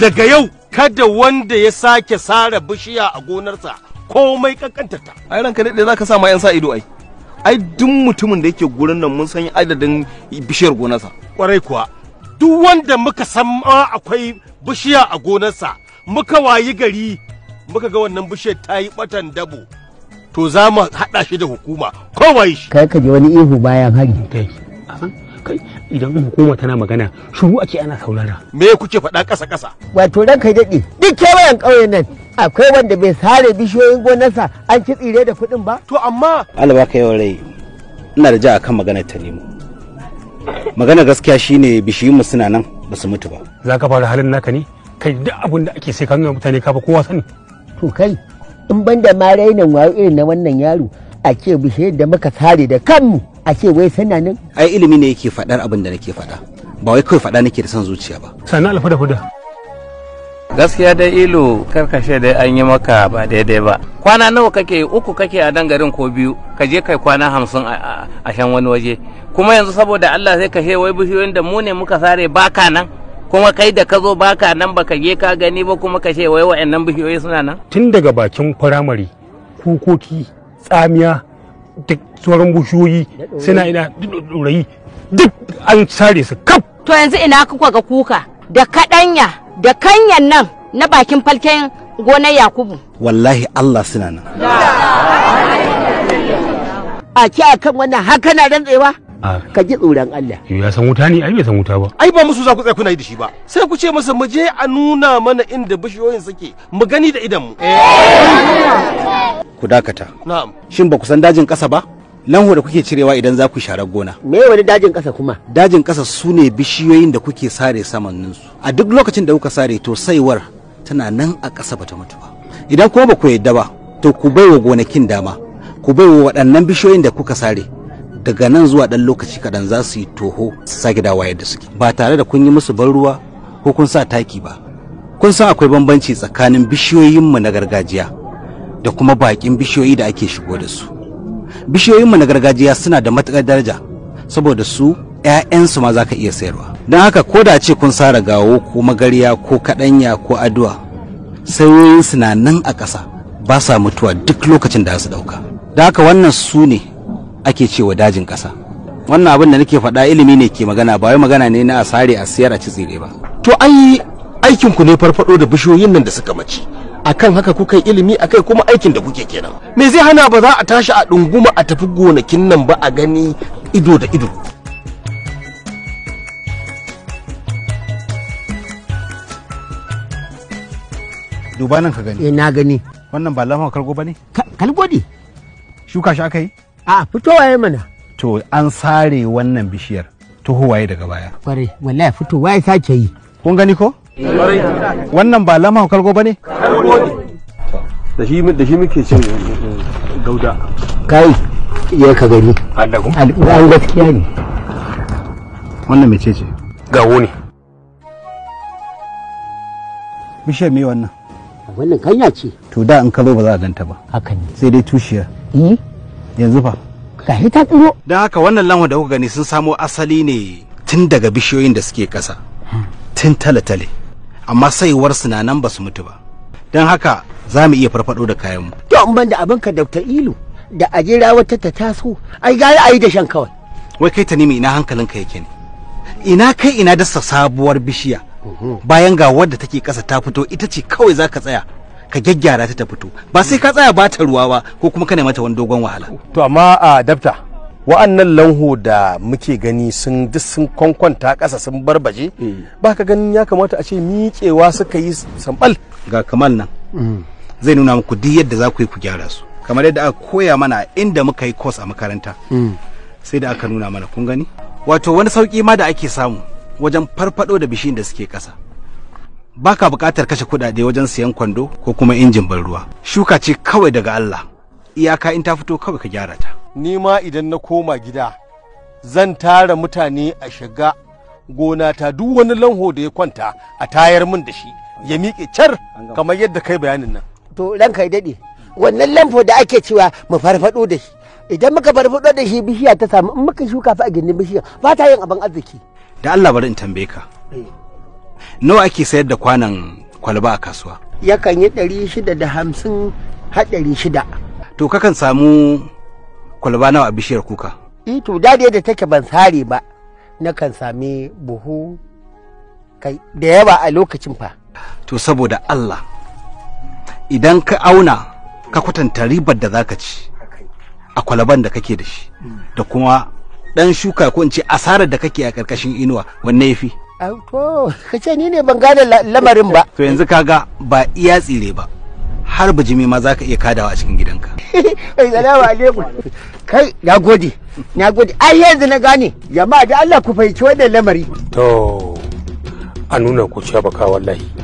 daga yau kada wanda ya sake sare bishiya a gonarsa komai kankantarta ai ranka ne za sa ma 'yan sa ido ai ai duk mutumin da yake gurin nan mun san adadin bishiyar gonarsa kwarai kuwa duk wanda muka san ma akwai bishiya a gonarsa muka wayi gari muka ga wannan bishiyar ta yi batan dabo to za mu haɗa shi da hukuma kowa shi kai ka ji wani ihu bayan hari kai idan hukuma tana magana shuru ake ana saurara me kuke faɗa ƙasa ƙasa wato ranka daɗe duk kewayen ƙauyen nan akwai wanda bai sare bishiyoyin gonarsa an ci tsire da kuɗin ba to amma alaba kai rai ina da ja akan maganar ta nemo magana gaskiya shine bishiyunmu suna nan ba su mutu ba za ka fara halin naka ne kai duk abin da ake sai ka nuna mutane ka fa kowa sani to kai in ban da ma rainan wayo irin na wannan yaro a ke bishiyar da muka sare da kanmu a ce wai sana nan ai ilimi ne yake faɗar abin da nake faɗa ba wai kawai faɗa nake da son zuciya ba sannan alfuda fuda gaskiya dai ilo karkashe dai an yi maka ba daidai ba kwana nawa kake uku kake a dan garin ko biyu ka je kai kwana hamsin a shan wani waje kuma yanzu saboda Allah sai ka wai bishiyoyin da mu ne muka sare baka nan kuma kai da ka zo baka nan baka je ka gani ba kuma ka wai wa'annan bishiyoyi suna nan tun daga bakin firamare kukoki tsamiya da sauran bushiyoyi suna ina ɗorayi duk an sare su kaf. To yanzu ina kuka ga kuka da kaɗanya da kanyan nan na bakin falken gonar Yakubu. Wallahi Allah suna nan. A ki a kan wannan haka na rantsewa? Ka ji tsoron Allah. Ya san wuta ne, ai bai san wuta ba. Ai ba musu za ku tsaya kuna yi da shi ba. Sai ku ce masa mu je a nuna mana inda bishiyoyin suke, mu gani da idan mu. Eh. ku dakata na'am shin ba ku san dajin kasa ba lanho da kuke cirewa idan za ku share gona. Me wani dajin kasa kuma? Dajin ƙasa su ne bishiyoyin da kuke sare saman su. A duk lokacin da kuka sare to saiwar tana nan a ƙasa bata mutu ba. Idan kuma ba ku yadda ba to ku baiwa gonakin dama. Ku baiwa waɗannan bishiyoyin da kuka sare daga nan zuwa ɗan lokaci kaɗan za su yi toho su sake dawa yadda suke. Ba tare da kun yi musu ban ruwa ko kun sa taki ba. Kun san akwai bambanci tsakanin bishiyoyinmu na gargajiya da kuma bakin bishiyoyi da ake shigo da su bishiyoyin mu na gargajiya suna da matuƙar daraja saboda su 'ya'yansu ma za ka iya sayarwa don haka ko da ce kun sara gawo ko magarya ko kaɗanya ko addu'a, sayoyinsu na nan a ƙasa ba sa mutuwa duk lokacin da su ɗauka don haka wannan su ne ake cewa dajin ƙasa wannan abin da nake faɗa ilimi ne ke magana ba wai magana ne na a sare a siyar a ci tsire ba to ai aikinku ne farfaɗo da bishiyoyin nan da suka mace akan haka kuka yi ilimi akai kuma aikin da kuke kenan me zai hana ba za a tashi a ɗunguma a tafi gonakin nan ba a gani ido da ido duba nan ka gani eh na gani wannan ba lamar kalgo ba ne kalgo ne shuka shi aka yi a fitowa ya mana to an sare wannan bishiyar tuhowaye daga baya kware wallahi fitowa ya sake yi kun gani ko wannan ba lama kalgo ba ne da shi muke cin gauda kai ya ka gani an gaskiya ne wannan mai ce gawo ne bishiyar me wannan wannan kanya ce to da in ka ba za a ganta ba haka ne sai dai tushiya eh? yanzu fa gashi ta tsiro don haka wannan lamar da kuka gani sun samo asali ne tun daga bishiyoyin da suke kasa tun tale-tale amma saiwar na nan ba su mutu ba don haka za mu iya farfado da kayan mu to an banda abin ka dr ilu da a jira wata ta taso ai ga ayi da shan kawai wai kai ta nemi ina ka yake ne ina kai ina dasa sabuwar bishiya bayan ga wadda take kasa ta fito ita ce kawai za ka tsaya ka gyaggyara ta ta fito ba sai ka tsaya ba ta ruwa ba ko kuma ka mata wani dogon wahala to amma a dafta wa'annan lanhu da muke gani sun duk sun kwankwanta ƙasa sun barbaje hmm. ba ka ganin ya kamata a ce miƙewa suka yi sambal ga kamal nan hmm. zai nuna muku duk yadda za ku yi ku gyara su kamar yadda aka koya mana inda muka yi kos a makaranta hmm. sai da aka nuna mana kun gani wato wani sauki ma da ake samu wajen farfado da bishiyin da suke ƙasa baka buƙatar kashe kuɗaɗe wajen siyan kwando ko kuma injin ban ruwa shuka ce kawai daga Allah iyaka in ta fito kawai ka gyara ta ni ma idan na koma gida zan tara mutane a shiga gona ta duk wani lanho da ya kwanta a tayar min da shi ya miƙe car kamar yadda kai bayanin nan to ranka ya daɗe wannan lamfo da ake cewa mu farfado da shi idan muka farfado da shi bishiya ta samu in muka shuka fa a gindin bishiya ba ta yin abin arziki da Allah bari in tambaye ka eh. nawa ake sayar da kwanan kwalba a kasuwa yakan yi ɗari shida da hamsin har ɗari shida to kakan samu kwalaba nawa a bishiyar kuka eh to dadi da take ban sare ba na kan sami buhu da yawa a lokacin fa to saboda Allah idan ka auna ka kwatanta ribar da zaka ci a kwalaban da kake da shi da kuma dan shuka ko in ce asarar da kake a karkashin inuwa wanne yafi to ka ce ni ne ban gane lamarin ba to yanzu kaga ba iya tsire ba har bijimi ma za ka iya kadawa a cikin gidanka salamu alaikum kai na gode na gode ai yanzu na gane jama'a da Allah ku fahimci wannan lamari to a nuna ku cewa baka wallahi